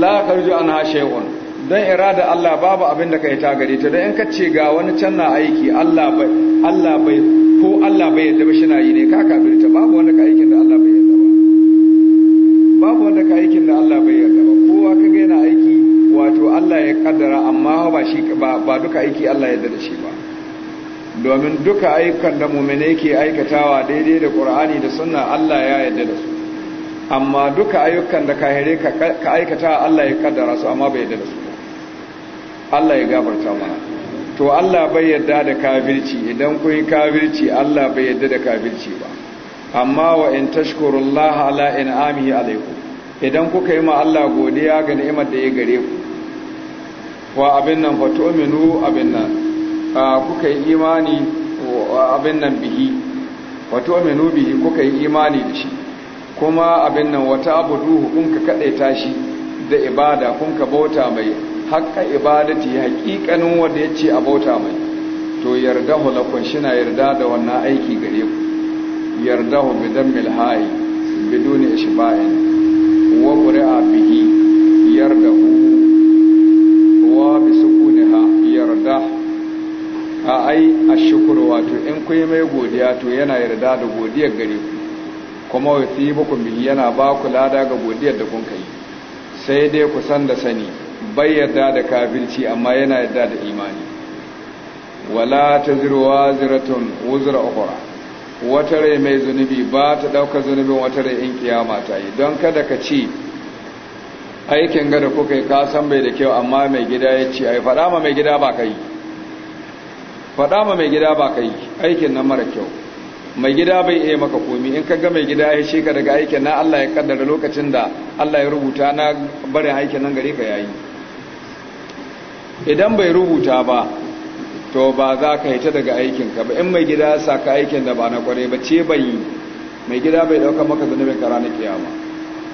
la karju ana shay'un dan irada Allah babu abin da kai ta gare ta dan in ka ce ga wani can na aiki Allah bai Allah bai ko Allah bai yadda ba shi na yi ne ka kafirta babu wanda ka aikin da Allah bai yadda ba babu wanda ka aikin da Allah bai yadda ba kowa kaga yana aiki wato Allah ya kaddara amma ba shi ba duka aiki Allah ya yadda da shi ba domin duka ayyukan da mummina ke aikatawa daidai da ƙur'ani da suna Allah ya yadda da su amma duka ayyukan da kahire ka aikata Allah ya kaddara su amma bai yadda da su Allah ya gabarta mana to Allah bai yadda da kafirci idan ku yi kafirci Allah bai yadda da kafirci ba amma wa in tashkurullaha ala in'amihi alaikum idan kuka yi ma Allah godiya ga ni'imar da ya gare ku wa abin nan fa tu'minu abin nan kuka yi imani abin nan bihi wato aminu bihi kuka yi imani da shi kuma abin nan wata abu kun ka kadaita shi da ibada kun ka bauta mai haƙƙa ibadati haƙiƙanin wanda ya ce a bauta mai to yardahu shi na yarda da wannan aiki gare ku milhai bi hayi shi ishba'in wa qura'a bihi yarda yardahu wa ha yarda. a ai a shukuru wato in ku yi mai godiya to yana yarda da godiyar gare ku kuma wasibukun bi yana ba ku lada ga godiyar da kun kai sai dai ku san da sani bai yarda da kafirci amma yana yarda da imani wala ta taziru Ziratun wuzura ukhra wata rai mai zunubi ba ta ɗaukar zunubin wata rai in kiyama ta yi don kada ka ci aikin gada kuka yi kasan bai da kyau amma mai gida ya ce yi faɗa ma mai gida ba ka yi faɗa ma mai gida ba ka yi aikin nan mara kyau mai gida bai iya maka komi in ka ga mai gida ya sheka daga aikin na Allah ya kaddara lokacin da Allah ya rubuta na barin aikin nan gare ka yayi idan bai rubuta ba to ba za ka hita daga aikin ka ba in mai gida ya saka aikin da ba na kware ba ce bai yi mai gida bai dauka maka zunubin ka ranar kiyama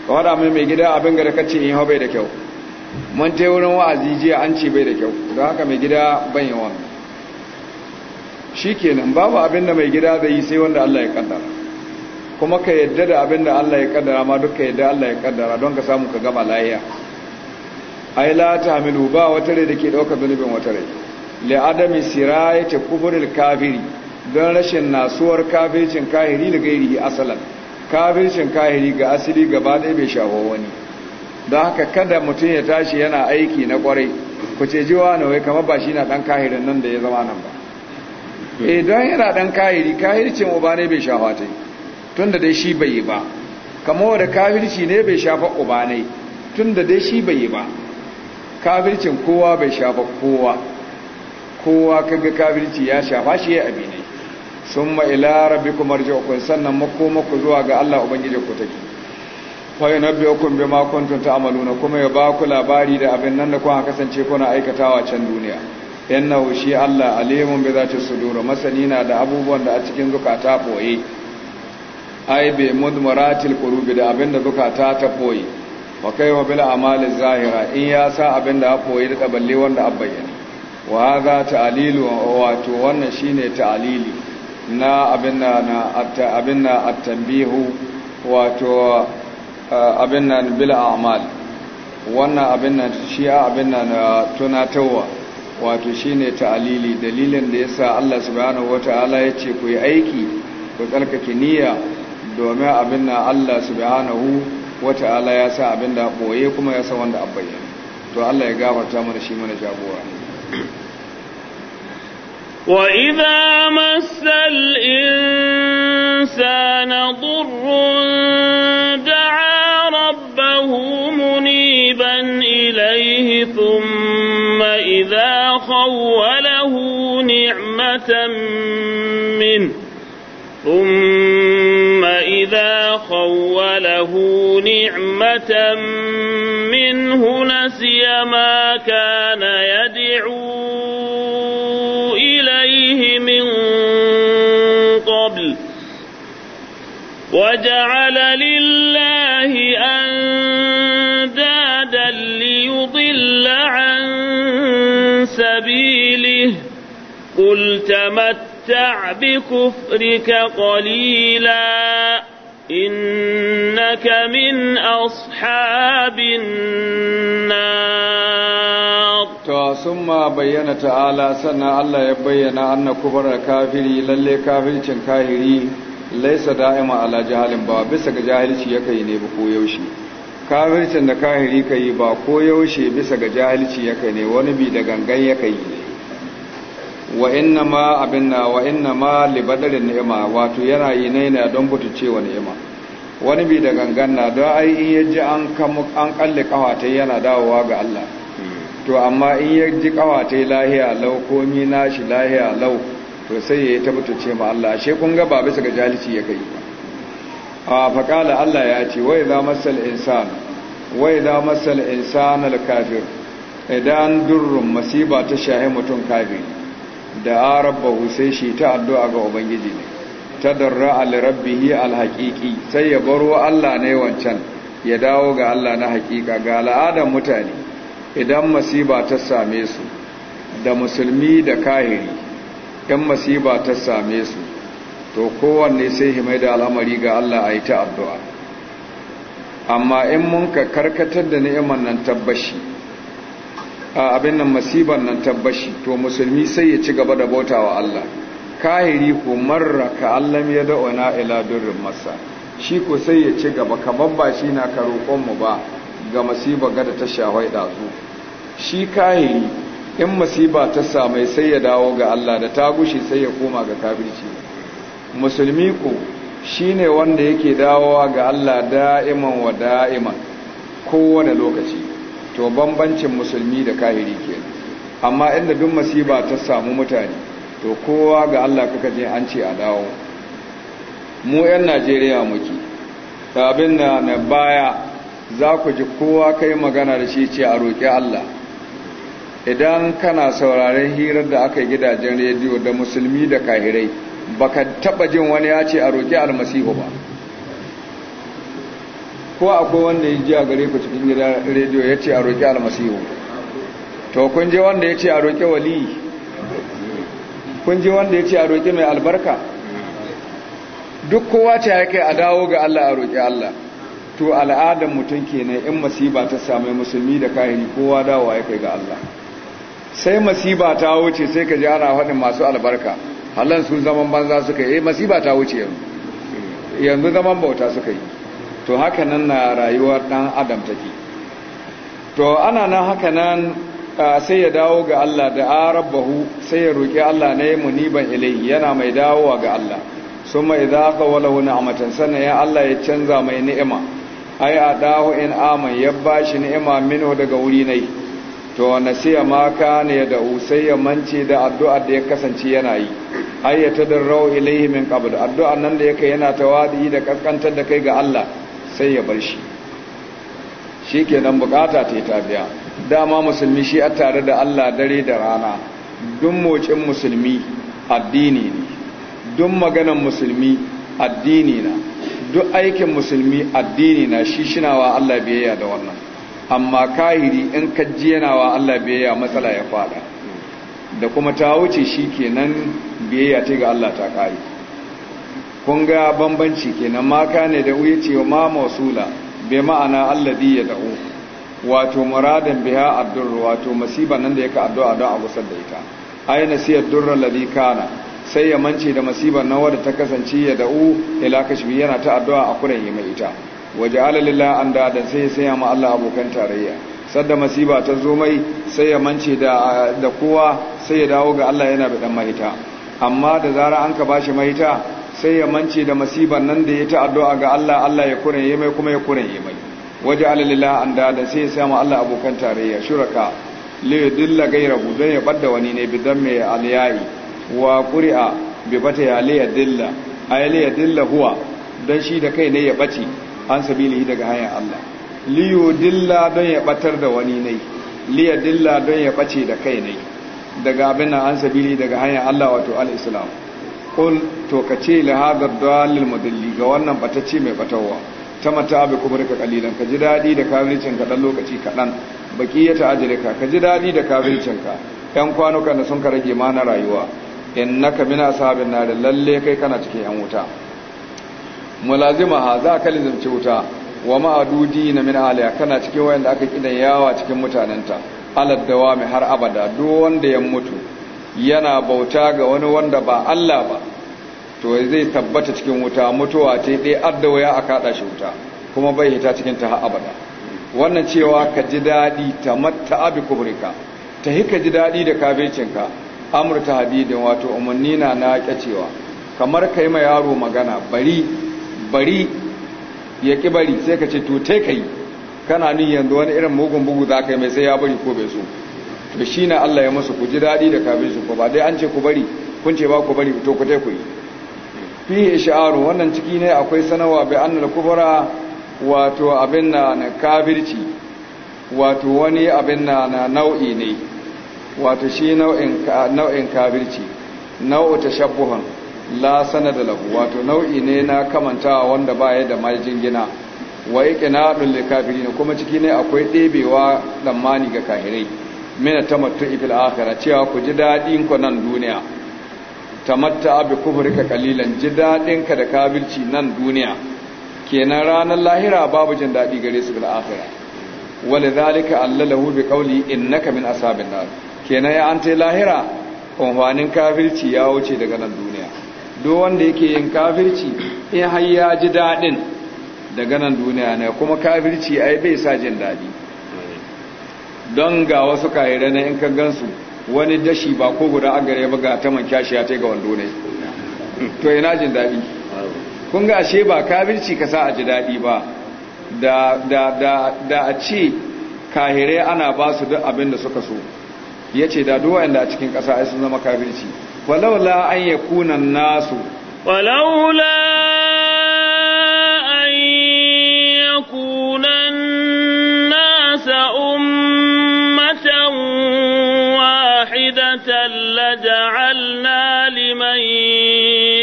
ka wada mai mai gida abin ga da kace in eh, hau bai da kyau mun te wurin wa'azi jiya an ce bai da kyau don haka mai gida ban yi wani shi kenan babu abinda da mai gida zai yi sai wanda Allah ya kaddara kuma ka yadda da abinda da Allah ya kaddara ma duka yadda Allah ya kaddara don ka samu ka gama lahiya ai la tahmilu ba wata rai dake dauka zunubin wata rai li adami sirayati kubril kafiri don rashin nasuwar kafircin kahiri da gairi asalan kafircin kahiri ga asali gaba ɗaya bai shawo wani don haka kada mutum ya tashi yana aiki na kwarai ku ce jiwa na wai kamar ba shi na ɗan kahirin nan da ya zama nan ba eh don yana dan kahiri kahircin uba ne bai shafa ta tun da dai shi bai yi ba kamar da kafirci ne bai shafa uba ne tun da dai shi bai yi ba kafircin kowa bai shafa kowa kowa kaga kafirci ya shafa shi ya abi ne sun ila rabbikum kuma sannan sannan ku zuwa ga Allah ku take fa na biyakun bi makuntun ta amaluna kuma ya ba ku labari da abin nan da kuma kasance kuna aikatawa can duniya innahu shi Allah alimun bi zati sudur masani na da abubuwan da a cikin zukata boye ai bi mudmaratil qulubi da abinda zukata ta boye wa wa bil amali zahira in ya sa abinda ya boye da balle wanda abbayyana wa hadha ta'lilu wato wannan shine ta'lili na abinna na abinna at-tanbihu to abinna bil a'mal wannan abinna shi abinna na tunatarwa wato shine ta'alili dalilin da yasa Allah subhanahu wataala ya ce ku yi aiki ku tsarkake niyya domin abin da Allah subhanahu wataala ya sa abin da boye kuma ya sa wanda abbaye to Allah ya gafarta mana shi mana jagora wa idza massal insana durrun da'a rabbahu muniban ilayhi thumma إذا خوله نعمة منه ثم إذا خوله نعمة منه نسي ما كان يدعو إليه من قبل وجعل لي تمتع بكفرك قليلا إنك من أصحاب النار ثم بيّن تعالى سنة الله يبين أن كبر الكافر للي كافر كاهري ليس دائما على جهل با بس جاهل شيء يكي نبكو يوشي kafircin da kahiri ka yi ba ko yaushe bisa ga jahilci ya kai ne wani bi da gangan ya kai wa inna ma abinna wa inna ma libadarin ni'ima wato yana yi ne na don butuce wa ni'ima wani bi da ganganna don ai in yaji an an kalle kawata yana dawowa ga Allah hmm. to amma in yaji kawata lahiya lau komi nashi lahiya lau to sai ya ta ce ma Allah she kun ga ba bisa ga jalici ya kai ba a faqala Allah ya ce wai idza masal insan wa idza masal insan al kafir idan durrun masiba ta shahi mutum kafiri da rabbahu sai shi ta addu'a ga ubangiji ne Ta darra alirabbi hi alhaƙiƙi sai ya baro Allah ne wancan ya dawo ga Allah na haƙiƙa, ga al'adar mutane idan masiba ta same su da musulmi da kahiri ɗan masiba ta same su to kowanne sai himai da al'amari ga Allah a yi ta addu'a amma in mun ka karkatar da ni'imar nan tabbashi a abin nan masibar nan tabbashi to musulmi sai ya ci gaba da wa Allah kahiri ko marra ka Allah ya wana ila durrin masa shi ko sai ya ci gaba kamar ba shi na karokon mu ba ga masiba ga da ta shawai dazu shi kahiri in masiba ta same sai ya dawo ga Allah da ta gushi sai ya koma ga kafirci musulmi ko shine wanda yake dawowa ga Allah da'iman wa da'iman kowane lokaci to bambancin musulmi da kahiri kenan amma inda bin masiba ta samu mutane to kowa ga Allah kaka je an ce a dawo mu 'yan Najeriya muke abin da na baya za ku ji kowa kai magana da shi ce a roƙi Allah idan kana sauraren hirar da aka yi gidajen rediyo da musulmi da kahirai baka taba jin wani ya ce a roƙi almasihu ba ko akwai wanda ya ji a gare ku cikin gida rediyo ya ce a roƙi almasihu to kun je wanda ya ce a roƙi wali kun je wanda ya ce a roƙi mai albarka duk kowa ce ya kai a dawo ga Allah a roƙi Allah to al'adar mutum kenan in masiba ta same musulmi da kahiri kowa dawo ya kai ga Allah sai masiba ta wuce sai ka ji ana faɗin masu albarka halan sun zaman banza suka yi eh, masiba ta wuce yanzu zaman bauta suka yi to haka nan na rayuwar ɗan adam take to ana nan haka nan sai ya dawo ga Allah da arabahu sai ya roƙi Allah ne muniban ilayhi yana mai dawowa ga Allah summa idza qawala wa ni'matan sanna ya Allah ya canza mai ni'ima ai a dawo in aman ya bashi ni'ima mino daga wuri nai to nasiya ma ka ne da usai ya mance da addu'a da ya kasance yana yi ayyata darau ilayhi ilaihi min qabl addu'a nan da yake yana tawadi da kaskantar da kai ga Allah sai ya bar shi shi kenan bukata ta yi tafiya dama musulmi shi a tare da allah dare da rana dun mocin musulmi addini ne dun maganan musulmi addini na duk aikin musulmi addini na shi shinawa allah biyayya da wannan amma kahiri in kajji yana wa allah biyayya matsala ya fada da kuma ta wuce shi kenan biyayya ta ga allah ta ƙare. kun ga bambanci kenan maka ne da uya ce ma mausula bai ma'ana alladhi ya da'u wato muradin biha addur wato masiba nan da yake addu'a don a gusar da ita ai nasiyar durra ladhi kana sai ya mance da masiba na wanda ta kasance ya da'u ila kashbi yana ta addu'a a kuren yima ita waje alalila an da sai ya ma Allah abokan tarayya sadda masiba ta zo mai sai ya mance da kowa sai ya dawo ga Allah yana bidan mahita amma da zara an ka bashi mahita sai ya mance da masibar nan da ya ta addu'a ga Allah Allah ya yi mai kuma ya yi mai waje alalila an dada sai ya samu Allah abokan tarayya shuraka liyu dilla gaira don ya bada wani ne bidan mai aliyayi wa kuri'a bi bata ya liya dilla a ya liya dilla huwa don shi da kai ne ya bace an sabili daga hanyar Allah liyu dilla don ya batar da wani ne liya dilla don ya ɓace da kai ne daga abin an sabili daga hanyar Allah wato al-islam kul to kace li hadha dalil mudalli ga wannan ce mai batawa ta mata bi kumurka kalilan ka ji dadi da kafircin ka dan lokaci kadan baqiyata ajrika ka ji dadi da kafircin ka yan kwanukan na sun ka rage ma na rayuwa innaka min ashabin nar lalle kai kana cikin yan wuta mulazima ha za ka lizimci wuta wa ma'adudi na min aliya kana cikin wayanda aka kidan yawa cikin mutanenta alad dawami har abada duk wanda ya mutu yana bauta ga wani wanda ba Allah ba to zai tabbata cikin wuta mutuwa ce dai addawaya a kada shi wuta kuma bai hita cikin ta abada wannan cewa ka ji daɗi ta matta abi kubrika ta hika ji daɗi da kabecinka amurta hadidin wato umarni na na cewa kamar ka ma yaro magana bari bari ya ƙi bari sai ka ce to te ka kana yanzu wani irin mugun bugu za ka yi mai sai ya bari ko bai so to shi na Allah ya masu ku ji daɗi da kafin su ba dai an ce ku bari kun ce ba ku bari to ku ku yi fi sha'aru wannan ciki ne akwai sanawa bai annal kubra wato abin na na kafirci wato wani abin na nau'i ne wato shi nau'in kabirci kafirci nau'u tashabbuhan la da lagu wato nau'i ne na kamantawa wanda ba ya da majin gina wa iqna'ul ne kuma ciki ne akwai ɗebewa lamani ga kahirai mina ta ifil akhirah cewa ku ji dadin ku nan duniya tamatta bi kufrika kalilan ji dadin ka da kafirci nan duniya kenan ranar lahira babu jin dadi gare su bil akhirah walidhalika allalahu bi in naka min ashabin nar kenan ya ante lahira umfanin kafirci ya wuce daga nan duniya duk wanda yake yin kafirci in har ya ji dadin daga nan duniya ne kuma kafirci ai bai sa jin dadi don ga wasu kahire na in kan gansu wani dashi ba ko guda a gare ba ga taman kyashi ya ta ga wando ne to ina jin daɗi kun ga ashe ba kabirci ka sa a ji daɗi ba da a ce kahire ana ba su duk abin da suka so ya ce da duwa inda a cikin ƙasa ai sun zama kabirci walaula an yakuna nasu walaula لجعلنا لمن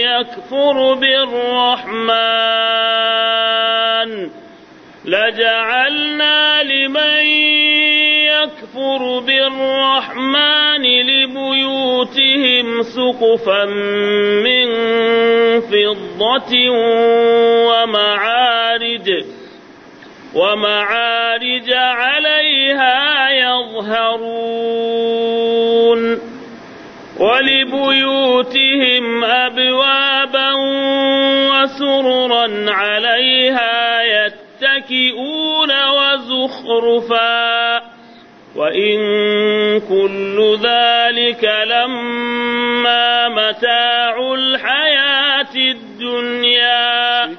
يكفر بالرحمن لجعلنا لمن يكفر بالرحمن لبيوتهم سقفا من فضة ومعارج ومعارج عليها يظهرون ولبيوتهم أبوابا وسررا عليها يتكئون وزخرفا وإن كل ذلك لما متاع الحياة الدنيا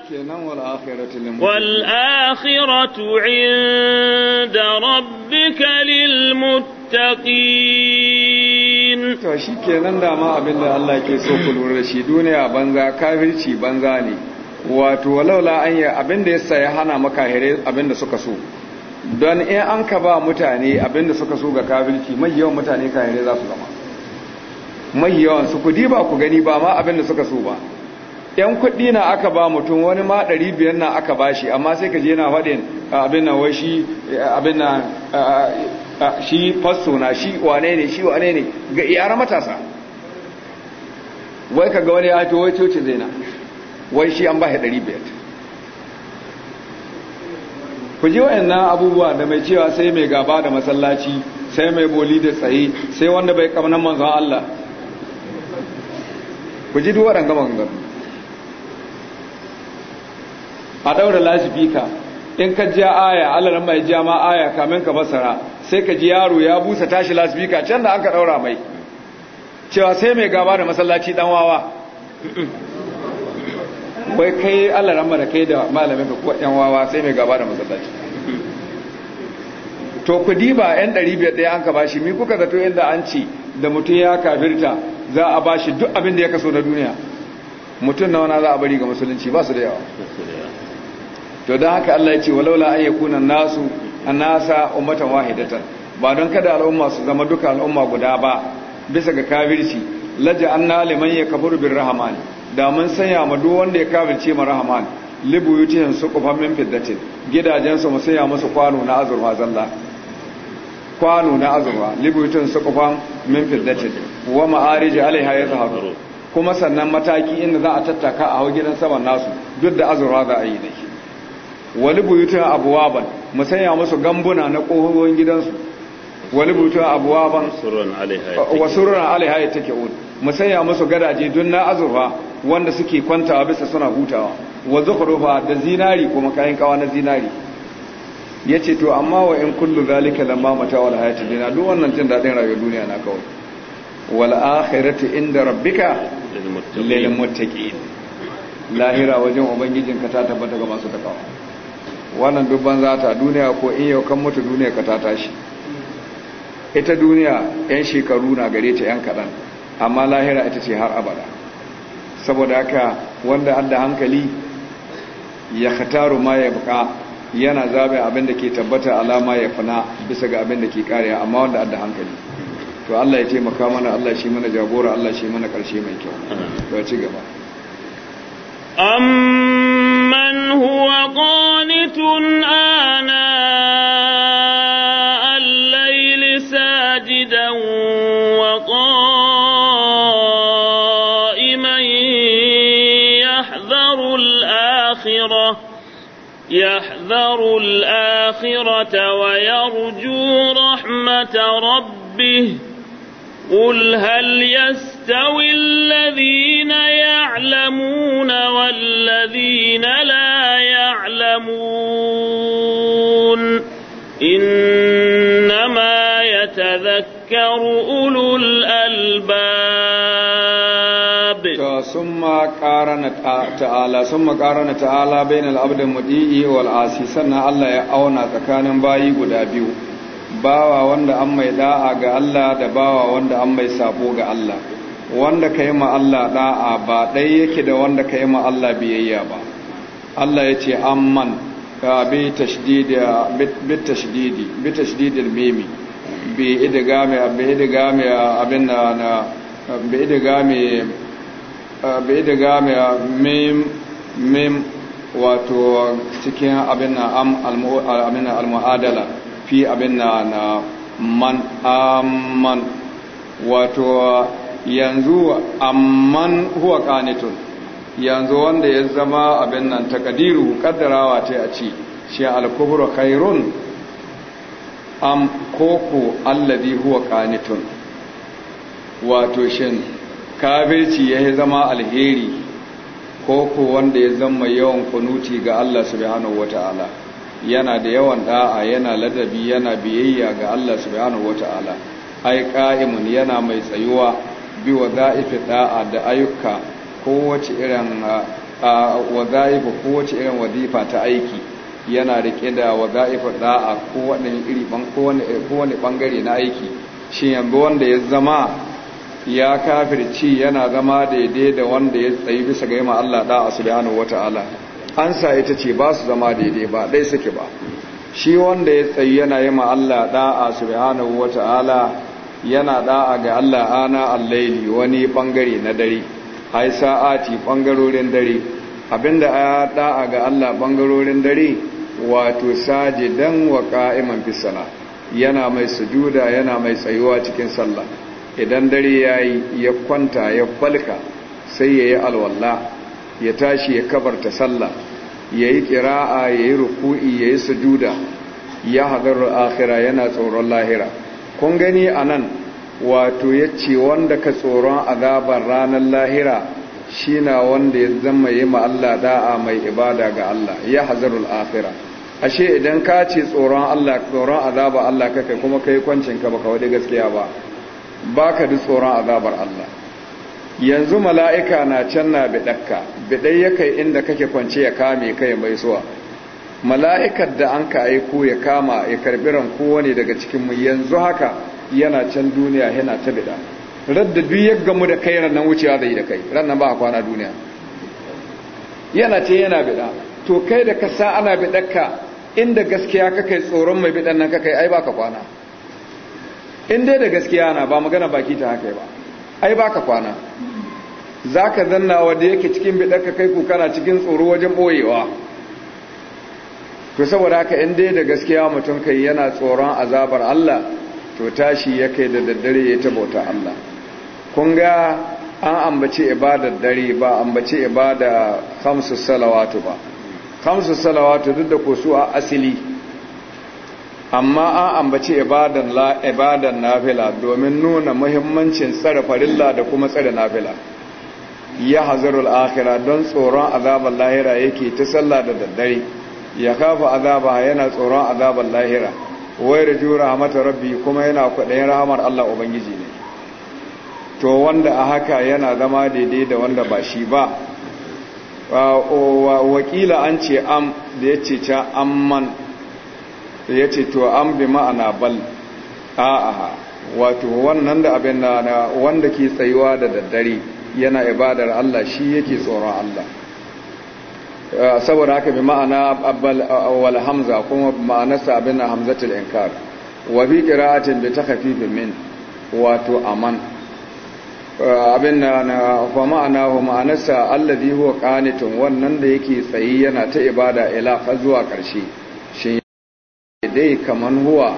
والآخرة عند ربك للمتقين to shikenan dama abin da Allah ke so ku lura da shi duniya banza kafirci banza ne wato walaula an yi abin da yasa ya hana makahirai abin da suka so don in an ka ba mutane abinda suka so ga kafirci mai yawan mutane kayanai za su zama mai yawan su kudi ba ku gani ba ma abinda suka so ba yan kuɗi na aka ba mutum wani ma ɗari biyar na aka ba shi amma sai ka je na faɗin abin na wai shi eh, abin na eh, eh, shi fasso na shi wane ne shi wane ne ga iyara matasa wai ka ga wani ya to wai cocin zai na wai shi an ba shi ɗari biyar ku ji wayannan abubuwa da mai cewa sai mai gaba da masallaci sai mai boli da tsaye sai wanda bai kamnan manzon Allah ku ji duwaran gama gangar a daura lasifika in ka ji aya Allah mai ja ma aya kamin ka basara sai ka ji yaro ya busa tashi lasifika can da an ka daura mai cewa sai mai gaba da masallaci dan wawa wai kai Allah ramma da kai da malamin ka ko yan wawa sai mai gaba da masallaci to kudi ba yan biyar ɗaya an ka bashi mi kuka zato inda an ci da mutum ya kafirta za a bashi duk abin da ya kaso na duniya mutum na wana za a bari ga musulunci ba su da yawa to don haka Allah ya ce walaula an kunan nasu a nasa ummatan wahidatan ba don kada al'umma su zama duka al'umma guda ba bisa ga kafirci laja an anna liman yakfuru bin rahmani da mun sanya ma duk wanda ya kafirce ma rahman su suqufan min fiddatin su mu sanya musu kwano na azurwa zalla kwano na azurfa su suqufan min fiddatin wa ma'arij alaiha zahabu kuma sannan mataki inda za a tattaka a hau gidan saman nasu duk da azurwa za a yi dake wa libuyutihim abwaban mu sanya musu gambuna na kohohin gidansu wa libuyutihim abwaban wa surran alaiha yatakeun mu sanya musu gadaje dun na azurwa wanda suke kwantawa bisa suna hutawa wa zukhrufa da zinari kuma kayan kawa na zinari yace to amma wa in kullu zalika lamma mata wal hayati dina duk wannan jin dadin rayuwar duniya na kawai wal akhirati inda rabbika lil muttaqin lahira wajen ubangijin ka ta tabbata ga masu takawa wannan dubban ta duniya ko in yau kan mutu duniya ka ta tashi ita duniya yan shekaru na gare ta yan kadan amma lahira ita ce har abada saboda haka wanda ada hankali ya khataru ma ya buka yana zabe abinda ke tabbata alama ya fana bisa ga abinda ke kariya amma wanda an hankali to Allah ya taimaka mana Allah shi mana jagora Allah shi mana karshe mai kyau to ci gaba amman huwa qanitun ana الآخرة يحذر الآخرة ويرجو رحمة ربه قل هل يستوي الذين يعلمون والذين لا يعلمون إنما يتذكر أولو الألباب summa qarana ta'ala summa qarana ta'ala bainal abdi mudi'i wal sannan Allah ya auna tsakanin bayi guda biyu bawa wanda an mai da'a ga Allah da bawa wanda an mai sabo ga Allah wanda kai ma Allah da'a ba dai yake da wanda kai ma Allah biyayya ba Allah yace amman man bi tashdidi bi bi mimi bi idgami bi abin na bi idgami Ah, bai daga ah, mim mim wato cikin abin na ah, abin na fi abin na na man amman wato yanzu amman huwa kanitun yanzu wanda ya zama abin nan takadiru kaddarawa ce a ci shi alkubru khairun am koko alladhi huwa kanitun wato shin kafirci ya zama alheri ko ko wanda ya zama yawan kunuti ga Allah subhanahu wata'ala yana da yawan da'a yana ladabi yana biyayya ga Allah subhanahu wata'ala ai qa'imun yana mai tsayuwa bi wadha'ifi da'a da ayyuka kowace irin ko wace irin wadifa ta aiki yana rike da wadha'ifu da'a ko wani iri ban ko wani bangare na aiki shi yanzu wanda ya zama ya kafirci yana zama daidai da wanda ya tsayi bisa ga yamma Allah da subhanahu wataala ansa ita ce ba su zama daidai ba dai suke ba shi wanda ya tsayi yana yamma Allah da wata wataala yana da'a ga Allah ana al wani bangare na dare ai sa'ati bangarorin dare abinda ya da'a ga Allah bangarorin dare wato sajidan wa qa'iman fisana yana mai sujuda yana mai tsayuwa cikin sallah idan dare ya yi ya kwanta ya falka sai ya yi alwallah ya tashi ya kabarta sallah ya yi ƙira'a ya yi ruku'i ya yi sujuda ya haɗar akhira yana tsoron lahira kun gani a nan wato ya ce wanda ka tsoron azabar ranar lahira shi na wanda ya zama yi ma'alla da'a mai ibada ga Allah ya hazarul akhira ashe idan ka ce tsoron Allah tsoron azaba Allah kakai kuma ka yi kwancinka baka wadi gaskiya ba ba ka ji tsoron azabar Allah yanzu mala'ika na can na biɗakka biɗai ya kai inda kake kwance ya kame kai mai suwa mala'ikar da an ka aiko ya kama ya karɓi ran wani daga cikinmu yanzu haka yana can duniya yana ta biɗa radda duk ya gamu da kai rannan wucewa zai da kai rannan ba a kwana duniya yana ce yana biɗa to kai da ka sa ana biɗakka inda gaskiya kakai tsoron mai biɗan nan kakai ai ba ka kwana in dai da gaskiya na ba magana baki ta haka ba ai baka kwana zaka zanna wanda yake cikin ka kai ku kana cikin tsoro wajen boyewa to saboda haka in dai da gaskiya mutum kai yana tsoron azabar Allah to tashi ya kai da daddare ya tabauta Allah kun ga an ambace ibadar dare ba ambace ibada khamsus salawatu ba khamsus salawatu duk da ko su a asili amma an ambaci ibadan la ibadan nafila domin nuna muhimmancin tsare farilla da kuma tsare nafila ya hazarul akhirah don tsoron azabar lahira yake ta sallah da daddare ya kafa azaba yana tsoron azabar lahira wai da jura mata rabbi kuma yana kwaɗayin rahamar Allah ubangiji ne to wanda a haka yana zama daidai da wanda ba shi ba wakila an ce am da ya ce amman ya ce to an bi ma'ana bal a'a wato wannan da abin na wanda ke tsayuwa da daddare yana ibadar Allah shi yake tsoron Allah saboda haka bi ma'ana abbal wal hamza kuma ma'anarsa abin na hamzatul inkar wa bi qira'atin bi takhfifin min wato aman abin na fa ma'ana wa ma'anarsa allazi huwa qanitun wannan da yake tsayi yana ta ibada ila zuwa karshe dai kaman huwa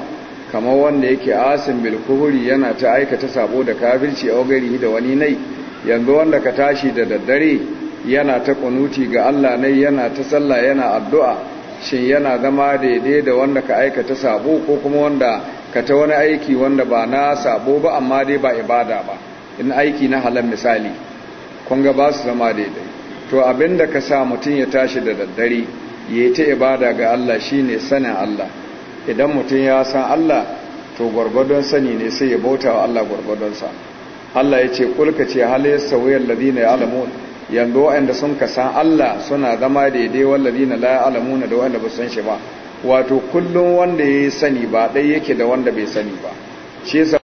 kamar wanda yake asin bil kuhuri yana ta aikata sabo da kafirci a gari da wani nai yanzu wanda ka tashi da daddare yana ta kunuti ga Allah nai yana ta sallah yana addu'a shin yana zama daidai da wanda ka aikata sabo ko kuma wanda ka ta wani aiki wanda ba na sabo ba amma dai ba ibada ba in aiki na halan misali kun ga ba su zama daidai to abinda ka sa mutum ya tashi da daddare yayi ta ibada ga Allah shine sanin Allah idan mutum ya san Allah to gwargwadon sani ne sai ya bauta wa Allah gwargwadonsa Allah ya ce kulka ce ya sauyar ladina ya alamun yanzu waɗanda sun ka san Allah suna zama daidai walladina la ya alamuna da waɗanda ba san shi ba wato kullum wanda ya sani ba ɗai yake da wanda bai sani ba shi